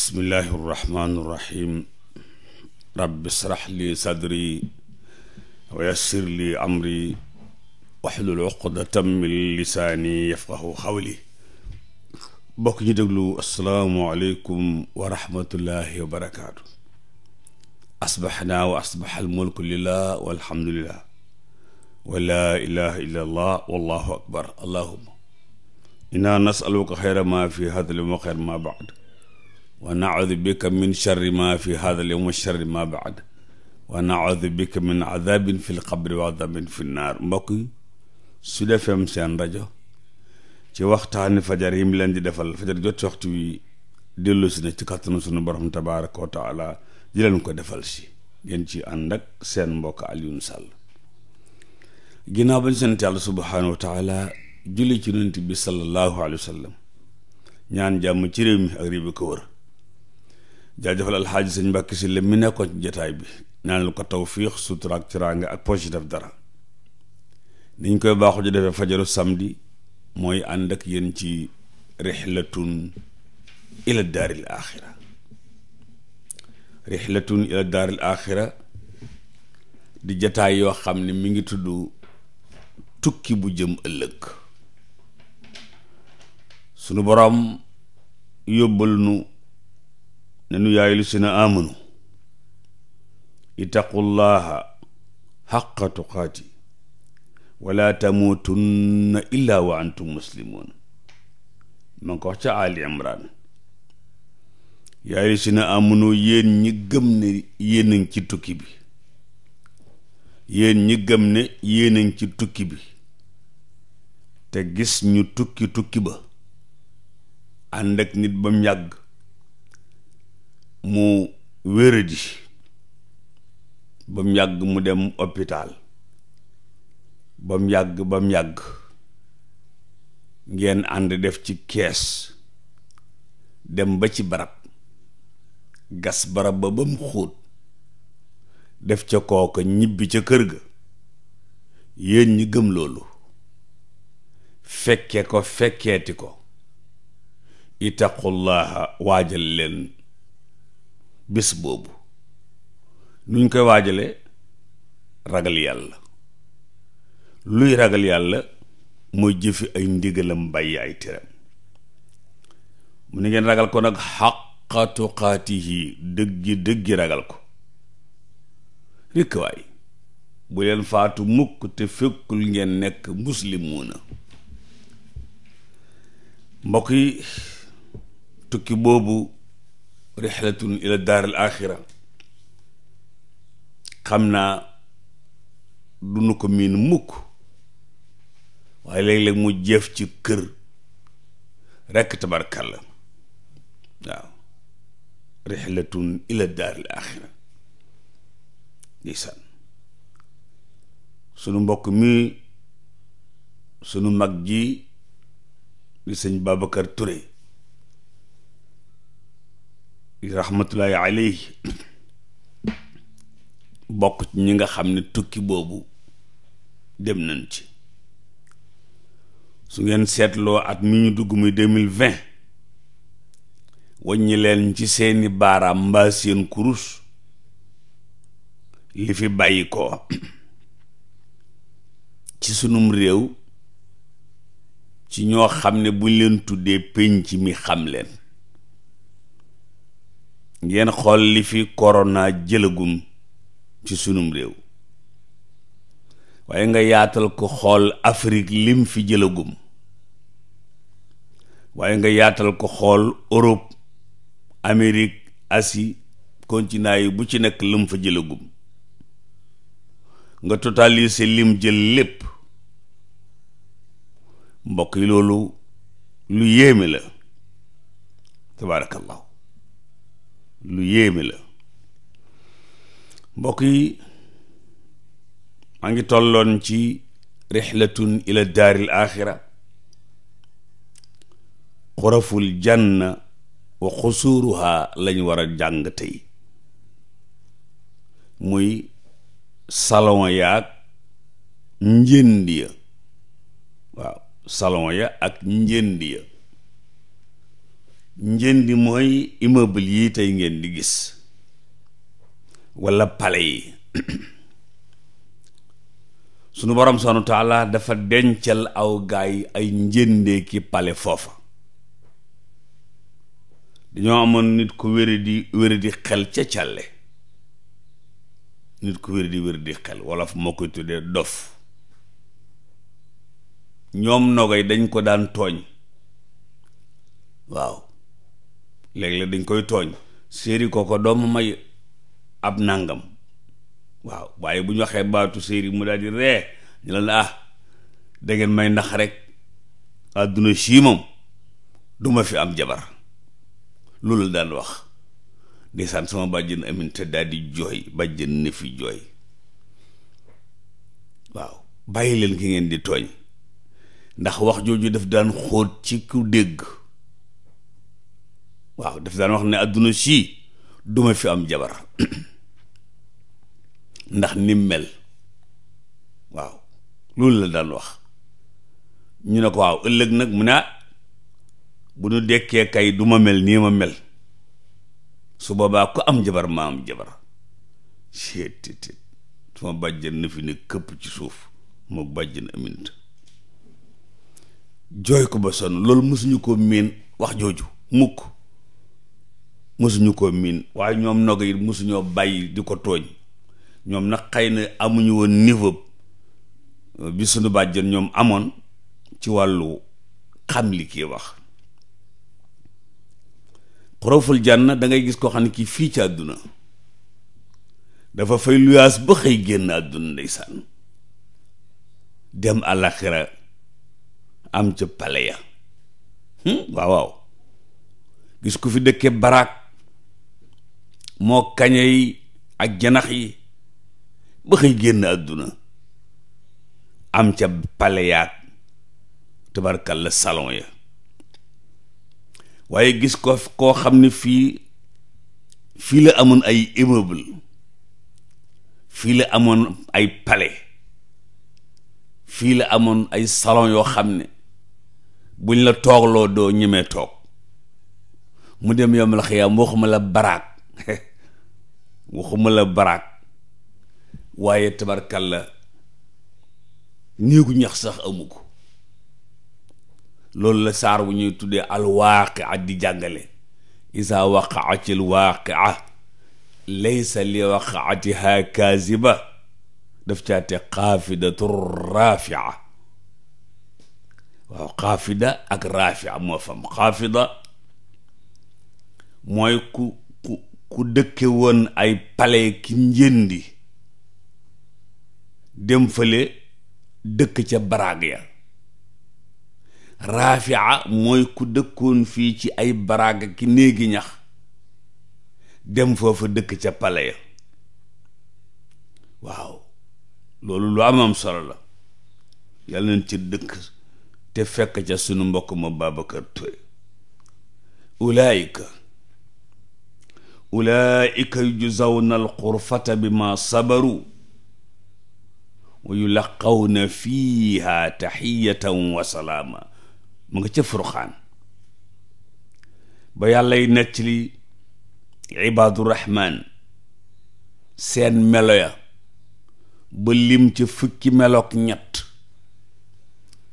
bismillahi irrahmani irrahim rabbi israh li sadri wa yassir li amri waxlul uqdatan min lisaani yafqahu xawli bokk ñu déglu asalaamualeykum wa rahmatullahi wa barakaatu asbaxnaa wa asbax almulku lillah walhamdulillah wa laa ilaha illa allah wallahu akbar allahuma inna nasaluka xayra ma fi hada lima xayr ma baad wa naudu bika min charri ma fi hada al yawm wa charri ma baad wa naudu bika min adabin fi lqabri wa adabin fi nnaar mbokk yi Sud FM seen rajo ci waxtaani fajar yi mu leen di defal fajar jot waxtu wi dellu si na ci kàttanu sunu borom tabaraka wa taala di leen ko defal si ngeen ci ànd ak seen mbokk Alioune Sall ginnaaw bañ sant yàlla subhaanahu wa taala julli ci yonent bi sallallahu alayhi wa sallam ñaan jàmm ci réew mi ak réew bi ko wër jaajëfal alxaaji sëñ Mbàkke si le mi nekkoon ci jataay bi ñaanal ko tawfiix sutura ak tiraanga ak poche def dara niñ koy baaxu ji defee fajaru samedi mooy ànd ak yéen ci rixlatun ila daaril axira rixlatun ila daaril axira di jataay yoo xam ne mi ngi tudd tukki bu jëm ëllëg sunu borom yóbbal nu nanu yaayu lu si na amanu ittaqullaha xaqa tuqaati wala tamuutunna illa wa antum muslimun ma ko wax Ali Imran yaayu si na amunu yéen ñi gëm ne yéen a ci tukki bi yéen ñi gëm ne yéen ci tukki bi te gis ñu tukki tukki ba ànd nit ba mu yàgg mu wéradi ba mu yàgg mu dem hôpital ba mu yàgg ba mu yàgg ngeen ànd def ci kees dem ba ci barab gas barab ba ba mu xóot def ca kooka ñibbi ca kër ga yéen ñi gëm loolu fekke ko fekkeeti ko ittaqullaha waajal leen bés boobu nuñ koy waajale ragal yàlla luy ragal yàlla mooy jëfi ay ndigalam bàyyi ay mu ni ngeen ragal ko nag xaqa tuqaatihi dëggi dëggi ragal ko rikk bu leen faatu mukk te fekkul ngeen nekk muslimuuna mbokk tukki boobu rixlatun ila daar al xam naa du nu ko miin mukk waaye léeg-léeg mu jëf ci kër rekk tabarkalla waaw rixlatun ila daar al axira sunu mbokk mi sunu mag ji di sëñ Babacar Touré rahmatullahi alayhi bokk ci ñi nga xam ne tukki boobu dem nañ ci su ngeen seetloo at mi ñu dugg muy deux mille vingt waññi leen ci seeni baaraam mbaa seen kurus li fi bàyyi ko ci sunum réew ci ñoo xam ne buñ leen tuddee pénc mi xam leen ngeen xool li fi corona jëlagum ci sunum réew waaye nga yaatal ko xool Afrique lim fi jëlagum waaye nga yaatal ko xool Europe Amérique asi continent bu ci nekk lim fa jëlagum nga totaliser lim jël lépp mbokk yi loolu lu yéeme la tabaarakallahu lu yéeme la mbokk yi maa ngi tolloon ci rixlatun ila daaril axira xuraful janna wa xusuuruha lañ war a jàng tey muy salon yaag njënd ya waaw salon ya ak njënd ya njënd mooy immeuble yi tey ngeen di gis walla pale yi sunu borom subhaanahu wa dafa dencal aw gaay ay njëndee ki pale foofa dañoo amoon nit ku wéri di xel ca càlle nit ku wéri di xel wolof moo koy tuddee dof ñoom nogay dañ ko daan tooñ waaw léeg-léeg dañ koy tooñ séeri kooko doomu may ab nàngam waaw waaye bu ñu waxee baatu séeri mu daal ree ñu la ah da may ndax rek àdduna sii moom duma fi am jabar loolu la daan wax ndeysaan sama bàjjen amin te daal di jooy bàjjen ne fi jooy waaw bàyyi leen ki ngeen di tooñ ndax wax jooju def daan xóot ci ku dégg waaw daf daan wax ne àdduna sii duma fi am jabar ndax nim mel waaw loolu la daan wax ñu ne ko waaw ëllëg nag mu ne ah, bu nu dekkee kay duma mel nii ma mel su boobaa ko am jabar maa am jabar seet te suma na fi ne këpp ci suuf moo bàjjan amint jooy ko ba sonn loolu mësuñu ko miin wax jooju mukk mosuñu koo miin waaye ñoom nogg yi mosuñoo bàyyi di ko tooñ ñoom nag xay na amuñu woon niveau bi suñu bàjjen ñoom amoon ci wàllu xam li kii wax xoroful jànna da ngay gis ko xam ne kii fii ci àdduna dafa fay luyaas ba xëy génn àdduna ndeysaan dem àlaxira am ca pale ya hmm? waaw waaw gis ku fi dëkkee baraak moo kañe yi ak janax yi ba xëy génn àdduna am ca pale yaag la salon ya waaye gis ko koo xam ne fii fii la amoon ay immeuble fii la amoon ay pale fii la amoon ay salon yoo xam ne buñ la toogloo doo ñemee toog mu dem yom la xëyaam waxuma la baraak waxuma la baraag waaye tabarkalla néegu ñax sax amu ko loolu la saar wu ñuy tuddee alwaaqia di jàngale isa waqaati alwaaqia laysa li waqaatiha kaasiba daf caate xaafidatu raafia waaw xaafida ak raafia moo fam xaafida mooy ku ku dëkke woon ay palais ki njëndi dem fële dëkk ca baraag ya raafia mooy ku dëkkoon fii ci ay baraag ki néegi ñax dem foofa dëkk ca pale ya waaw loolu lu am am solo la yàlla nañ ci dëkk te fekk ca sunu mbokk ma Babacar Touré ulaayika ulaika yujzawna alxurfata bima sabaru wa yulaqawna fiha taxiyatan wa salaama mu nga ca furxaan ba yàllay nettali ibaadu rahmaan seen melo ya ba lim ca fukki melook ñett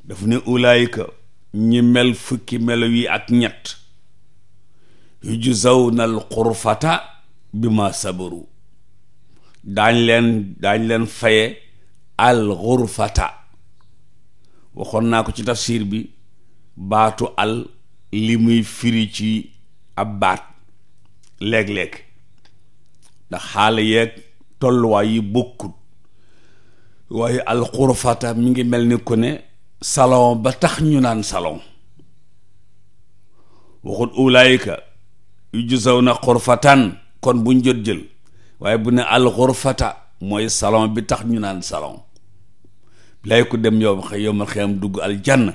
daf ne ulaayika ñi mel fukki melo yi ak ñett yujzawna al xurfata bi ma sabaru daañ leen daañ leen faye al xurfata waxoon naa ko ci siir bi baatu al li muy firi ci ab baat léeg-léeg ndax xaala yeeg tolluwaay yi bokkut waaye alxurfata mu ngi mel ni ku ne salon ba tax ñu naan salon waxut ulaayika yujzaw na xurfatan kon buñ jot jël waaye bu ne alxurfata mooy salon bi tax ñu naan salon lay ku dem yow yowmal xiyam dugg aljanna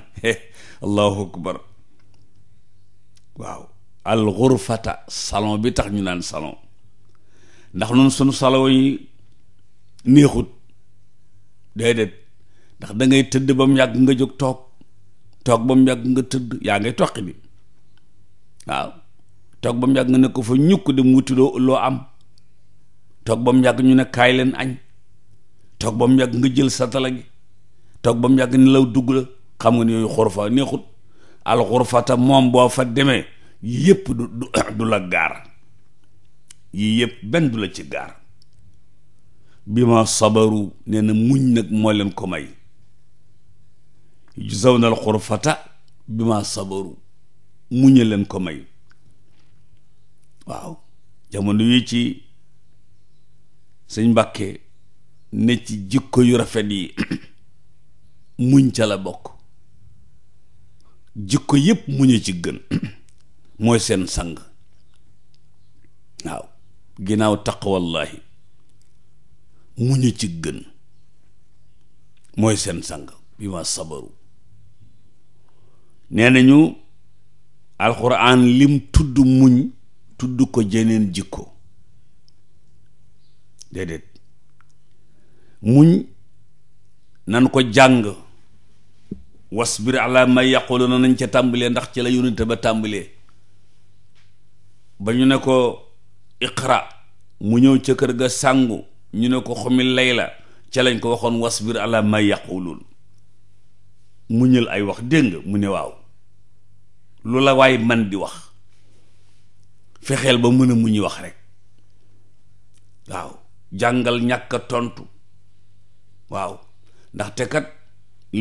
allahu akbar waaw alxurfata salon bi tax ñu naan salon ndax nun suñu salon yi néexut déedéet ndax dangay tëdd ba mu yàgg nga jóg toog toog ba mu yàgg nga tëdd yaa ngay toqi bi waaw toog ba mu yàgg nga ne ko fa ñukk dem wuti loo loo am toog ba mu yàgg ñu ne kaay leen añ toog ba mu yàgg nga jël satala gi toog ba mu yàgg ni law dugg la xam nga ne yooyu xurfa neexut moom boo fa demee yëpp du du la gaar yii yëpp benn du la ci gaar bi ma sabaru nee na muñ nag moo leen ko may juzawna alxurfata bi ma sabaru muñe leen ko may waaw jamono yi ci sëñ Mbàkke ne ci jikko yu rafet yi muñ ca la bokk jikko yépp muñu ci gën seen sang waaw ginnaaw taqwallahi muñu ci gën mooy seen sang bi ma sabaru nee nañu alxuraan lim tudd muñ tudd ko jeneen jikko déedéet muñ nan ko jàng was wasbir ala ma yaquluna nañ ca tàmbalee ndax ci la yónente ba tàmbalee ba ñu ne ko iqra mu ñëw ca kër ga sàngu ñu ne ko xumil la ca lañ ko waxoon wasbir ala ma mu ñël ay wax dégg nga mu ne waaw lu la waay man di wax fexeel ba mën a muñ wax rek waaw jàngal ñàkk a tontu waaw ndaxte kat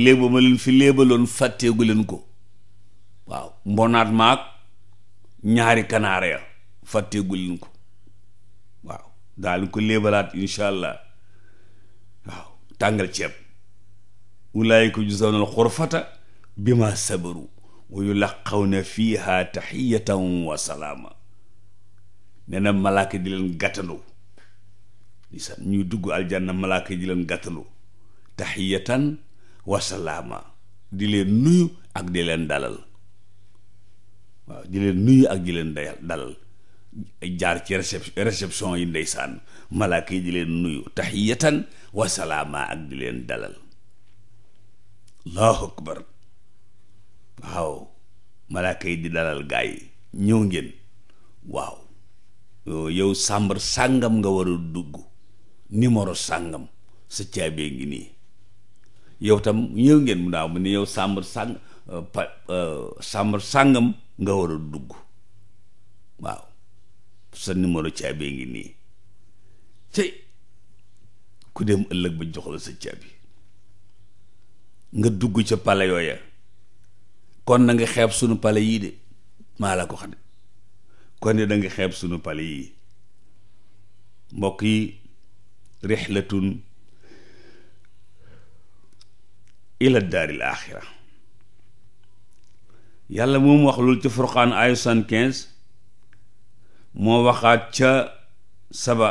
léeba ma leen fi léebaloon fàtteegu leen ko waaw mbonaat maag ñaari kanaara ya fàtteegu leen ko waaw daal ko léebalaat incha allah waaw tàngal ceeb ulaayika juzawna al xurfata bi ma sabaru wa yulaqawna fiha taxiyatan wa nee na malaaka di leen gàttandu di sax ñuy dugg aljanna malaaka di leen gàttandu taxiyatan wasalaama di leen nuyu ak di leen dalal di leen nuyu ak di leen dayal jaar ci récep réception yi ndeysaan malaaka yi di leen nuyu taxiyatan wasalaama ak di leen dalal allahu akbar waaw malaaka yi di dalal gaa yi ñëw ngeen waaw yow sàmbar sàngam nga war a dugg numéro sàngam sa caabee ngi nii yow tam ñëw ngeen mu naaw mu ne yow sàmbar sàng euh, pa euh, sàmbar sàngam nga war a dugg waaw sa numéro caabee ngi nii ku dem ëllëg ba jox la sa caabi nga dugg ca pale yooya kon na nga xeeb sunu pale yii de maa la ko xam kon ne da xeeb sunu pale yi mbokk yi rixlatun ila daaril axira yàlla moom wax loolu ci furqaan ayu soixante-quinze moo waxaat ca saba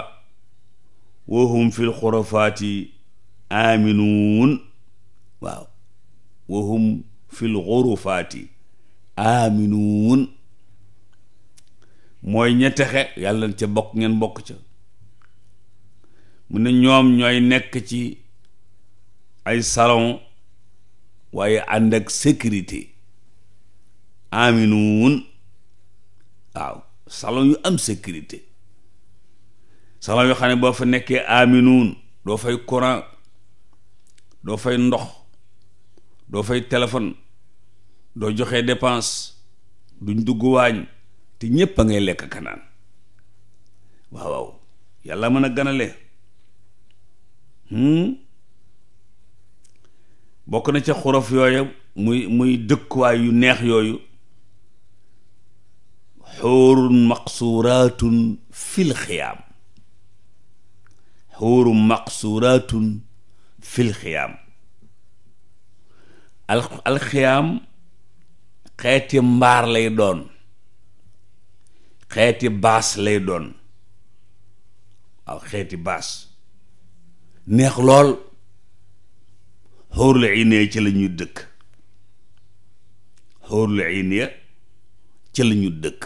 wahum fil xurafaati aaminuun waaw wahum fil xurafaati aaminuun mooy ña yàlla na ca bokk ngeen bokk ca mu ne ñoom ñooy nekk ci ay salon waaye ànd ak sécurité aminuun waaw salon yu am sécurité salon yoo xam ne boo fa nekkee aminuun doo fay courant doo fay ndox doo fay téléphone doo joxe dépense duñ dugg waañ te ñépp a ngay lekk kanaan waaw yàlla mën a ganale hmm? bokk na ca xuraf yooya muy muy dëkkuwaay yu neex yooyu xuurun maqsuuraatun fil xiyaam xuurun maqsuuraatun fil xiyaam alxiyaam xeeti mbaar lay doon xeeti baas lay doon aw xeeti baas neex lool xóorlu inéya ci la ñuy dëkk xóorlu inéya ci la dëkk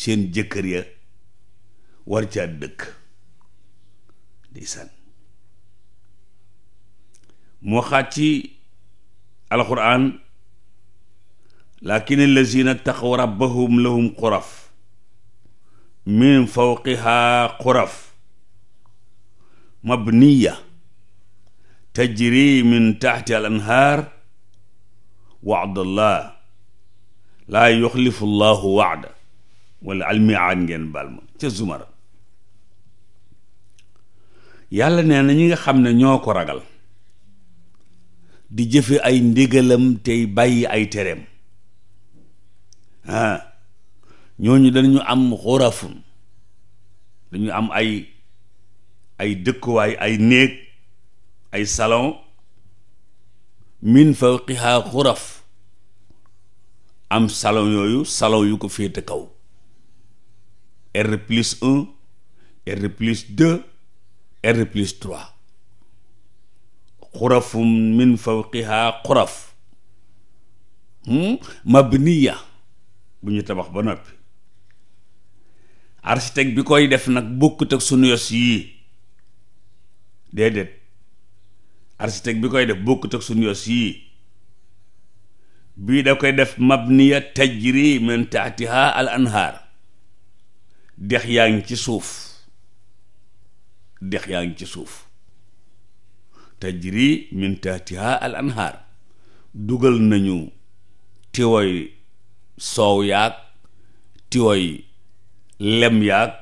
seen jëkkër ya war ca dëkk ndeysaan moo xaat ci alquran lakin allazina taqaw rabbahum lahum xuraf min fawqiha xuraf mabniya tajri min taxti al anhaar la laa yuxlifu llahu waada wala almiaad ngeen baal ma ca yàlla nee ñi nga xam ne ñoo ko ragal di jëfe ay ndigalam tey bàyyi ay tereem ah ñooñu dañu am xurafun dañu am ay ay dëkkuwaay ay néeg ay salon min fawqiha xuraf am salon yooyu salon yu ko féete kaw R plus un R plus deux R plus trois xurafum min fawqiha xuraf hmm? mabniya bu ñu tabax ba noppi architecte bi koy def nag bokkut ak sunu yos yii déedéet architecte bi koy def bokkut ak sunu yos yii bii da koy def mabniya tajri min taatiha al anhaar dex yaa ngi ci suuf dex yaa ngi ci suuf tajri min taatiha al anhaar dugal nañu tiwoy soow yaag tiwoy lem yaag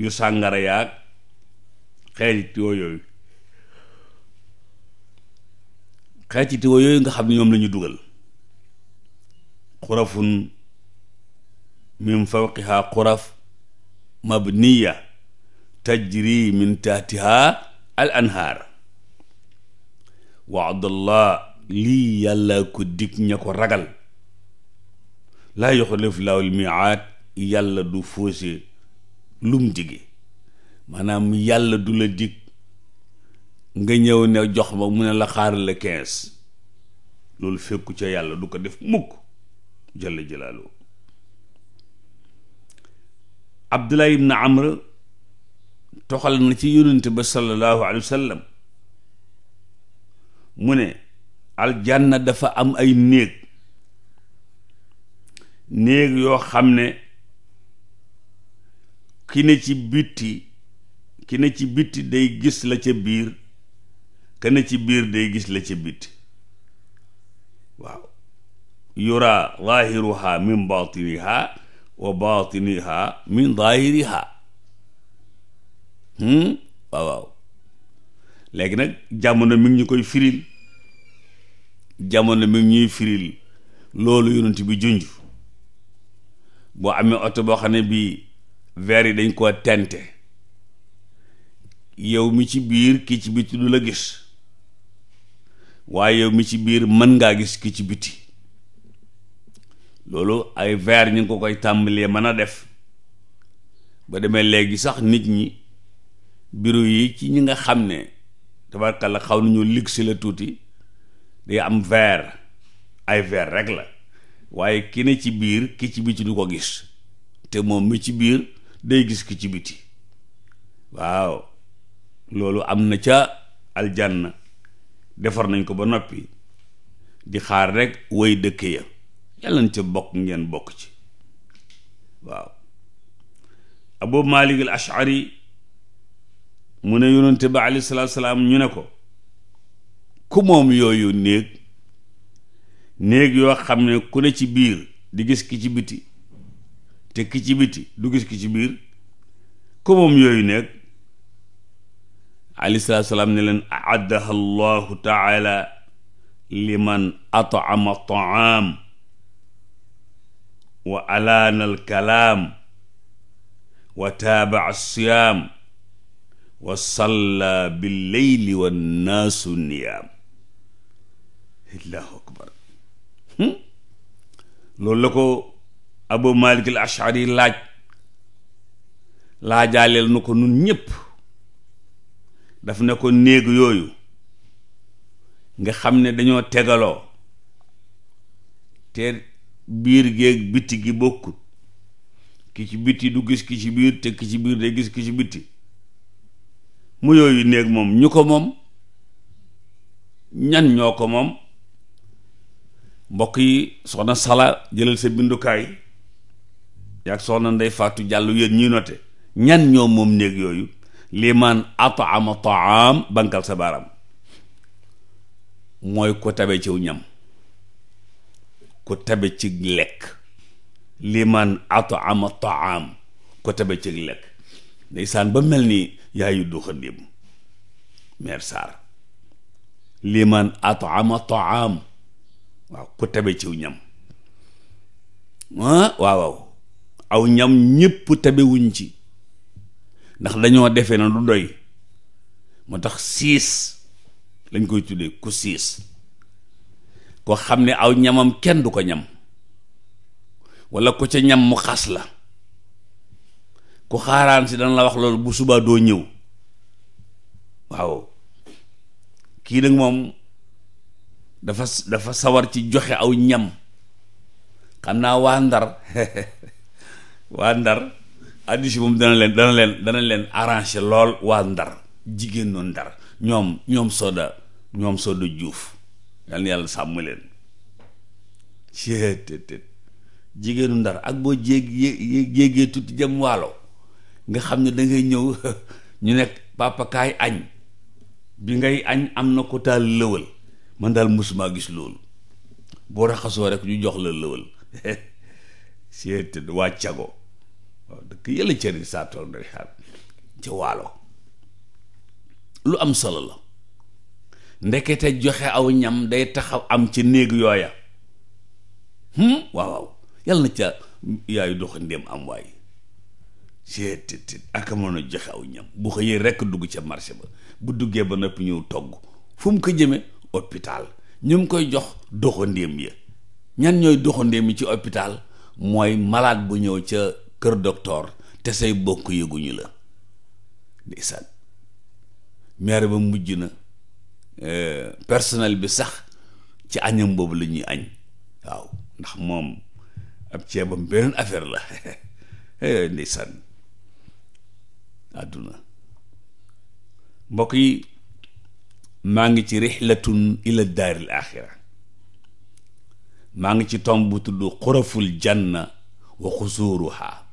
yu sàngara yaag xeeti tiwo yooyu xeeti tiwo yooyu nga xam ne ñoom lañu dugal xurafun min fawqiha xuraf mabniya tajri min tahtiha al anhaar waadallah lii yàlla ko dig ña ko ragal laa yuxlifu llaahu l miiaad yàlla du fausser lum dige maanaam yàlla du la dig nga ñëw ne jox ma mu ne la xaar la quinze loolu fekku ca yàlla du ko def mukk jalla jalaalu abdullah ibn amr toxal na ci yonente ba sallallahu alayhi wa mu ne aljanna dafa am ay néeg néeg yoo xam ne ki ne ci bitti ki ci bitti day gis la ca biir ki ci biir day gis la ca bitti waaw yura zaahiruha min baatiniha wa baatiniha min zaahiriha hmm? waaw waaw léegi nag jamono mi ngi ñu koy firil jamono mi ngi ñuy firil loolu yonent bi junj boo amee oto boo xam bii veer yi dañ koo tente yow mi ci biir ki ci biti du la gis waaye yow mi ci biir mën ngaa gis ki ci biti loolu ay verre ñu ngi ko koy tàmbalee mën a def ba demee léegi sax nit ñi bureau yi ci ñi nga xam ne tabarkalla xaw nañu ligg si la tuuti day am verre ay verre rek la waaye ki ne ci biir ki ci biti du ko gis te moom mi ci biir day gis ki ci biti waaw loolu am na ca aljanna defar nañ ko ba noppi di xaar rekk woy dëkk ya yàlla ca bokk ngeen bokk ci waaw abu malik al ashari mu ne yonente ba alayhi salaatu salaam ñu ne ko ku moom yooyu néeg néeg yoo xam ku ne ci biir di gis ki ci biti te ki ci biti du gis ki ci biir ko moom nekk alayhi salaatu salaam ne leen addaha allahu taala liman at'ama ta'am wa alaana alkalaam wa taabaa siyaam wa salla billeyli wannaasu niyaam akbar hmm? loolu la abu malik al ashari laaj laajaaleel nu ko nun ñépp daf ne ko néeg yooyu nga xam ne dañoo tegaloo te biir géeg bitti gi bokkut ki ci bitti du gis ki ci biir te ki ci biir day gis ki ci bitti mu yooyu néeg moom ñu ko moom ñan ñoo ko moom mbokk yi soxna sala jëlal sa bindukaay yaag soxna nday fàttu jàll yéen ñuy note ñan ñoo moom néeg yooyu liman ataama taam bankal sa baaraam mooy ko tabe ciw ñam ko tabe ci lekk liman ataama taam ko tabe ci lekk ndeysaan mel ni yaayu du tabe ciw ñam ah, waaw waaw aw ñam ñépp tabewuñ ci ndax dañoo defe na lu doy moo tax siis lañ koy tuddee ku siis ko xam ne aw ñamam kenn du ko ñam wala ko ca ñam mu xas la ku xaaraan si dana la wax loolu bu subaa doo ñëw waaw kii nag moom dafa dafa sawar ci joxe aw ñam xam naa waa ndar waa ndar addis moom dana leen dana leen dana leen arrangé lool waa ndar jigéen noonu ndar ñoom ñoom soda ñoom soda juuf yal na yàlla sàmm leen seetet jigéenu ndar ak boo jéeg jéegee tuuti jëm waalo nga xam ne dangay ñëw ñu nekk papa kaay añ bi ngay añ am na ko taal lëwal man daal mësumaa gis loolu boo raxasoo rek ñu jox la lëwal seetet waa cago waaw dëkk yëlla cëri saa tool ndeysaan ca waalo lu am solo la ndekete joxe aw ñam day taxaw am ci néeg yooya hmm? waaw waaw yàlla na ca yaayu doxandéem am waay seetit ak mën a joxe aw ñam bu xëyee rekk dugg ca marché ba bu duggee ba noppi ñëw togg fu mu ko jëmee hôpital ñu ngi koy jox doxandéem ya ñan ñooy doxandéem yi ci hôpital mooy malade bu ñëw ca kër docteur te say bokk yëguñu la ndeysaan maire ba mujj na euh, personnel bi sax ci añam boobu la ñuy añ waaw ndax moom ab ceebam benn affaire la eh, ndeysaan àdduna mbokk yi maa ngi ci rixlatun ila daaril axira maa ngi ci tomb bu tudd xuraful janna wa xusuuruha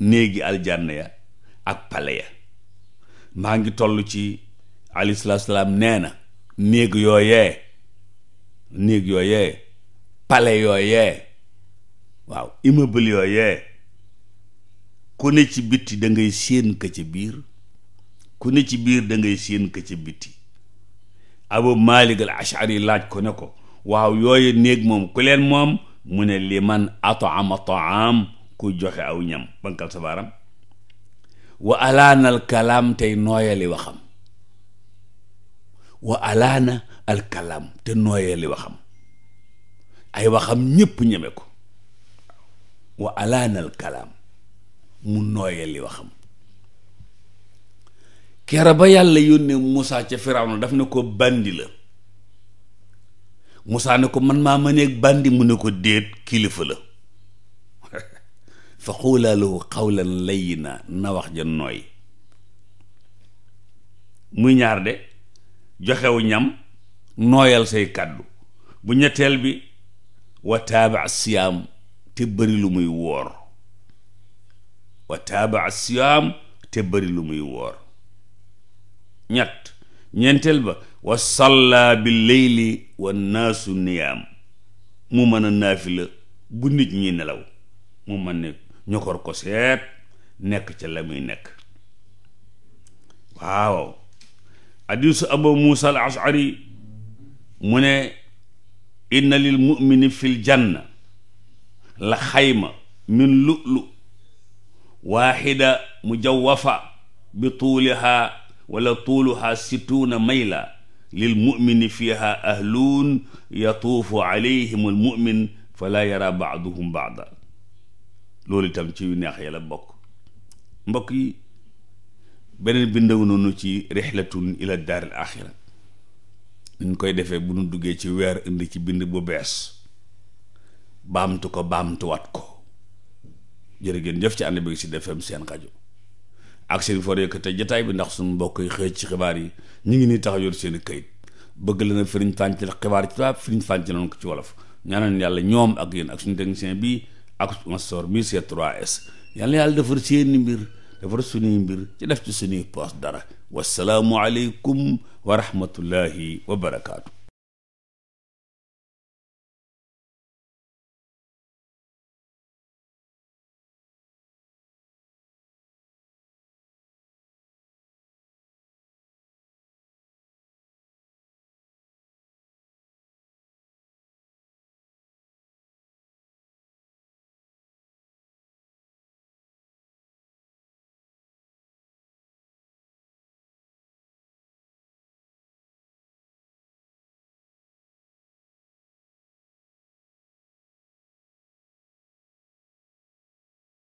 néegi aljanna ya ak pale maa ngi tollu ci alayhi salaam nee na néeg yooyee néeg yooyee pale yooyee waaw immeuble yooyee ku ne ci bitti da ngay ka ca biir ku ne ci biir da ngay séen ka ca bitti abu malik al ashari laaj ko ne ko waaw yooyu néeg moom ku moom mu ne liman at'ama ta'am ku joxe aw ñam bankal sa baaram wa alaana al kalaam tey nooyali waxam wa alaana al kalaam te nooyali waxam ay waxam ñépp ñeme ko wa alaana al kalaam mu nooyali waxam kera ba yàlla yónnee Moussa ca Firawna daf ne ko bandi la Moussa ne ko man maa mëneeg bandi mu ne ko déet kilifa la fa xuulaa lahu xawlan layyina na wax ja nooy muy ñaar de joxewu ñam nooyal say kàddu bu ñetteel bi wa taaba siyaam te bëri lu muy woor ñett ñenteel ba wa salla bi leyli wa naasu niyaam mu mën a naafi bu nit ñi nelaw mu mën ne ñu xor ko seet nekk ca la muy nekk waaw hadisu abu muusa al ashari mu ne inna lil mu'mini fil janna la xayma min lu'lu waaxida mujawwafa bi tuuliha wala tuuluha situuna mayla lil mu'mini fiha ahluun yatuufu alayhim al mu'min fala yara baaduhum baada loolu itam ci yu neex yàlla bokk mbokk yi beneen bindaw noonu ci rixlatun ila daaril axira nuñ koy defee bu nu duggee ci weer indi ci bind bu bees baamtu ko baamtuwaat ko jërë ngeen jëf ci ànd bi ci defem seen rajo ak seen for yëkkate jataay bi ndax suñu mbokk yi xëy ci xibaar yi ñu ngi nii tax yor seen i këyit bëgg la na firiñ fànc la xibaar ci tubaab firiñ fànc noonu ko ci wolof ñaanal yàlla ñoom ak yéen ak suñu technicien bii ak sponsor bii c'est 3S yal na yàlla defar seeni mbir defar suñuy mbir ci def ci suñuy poos dara wasalaamualeykum wa rahmatullahi wa barakaatu.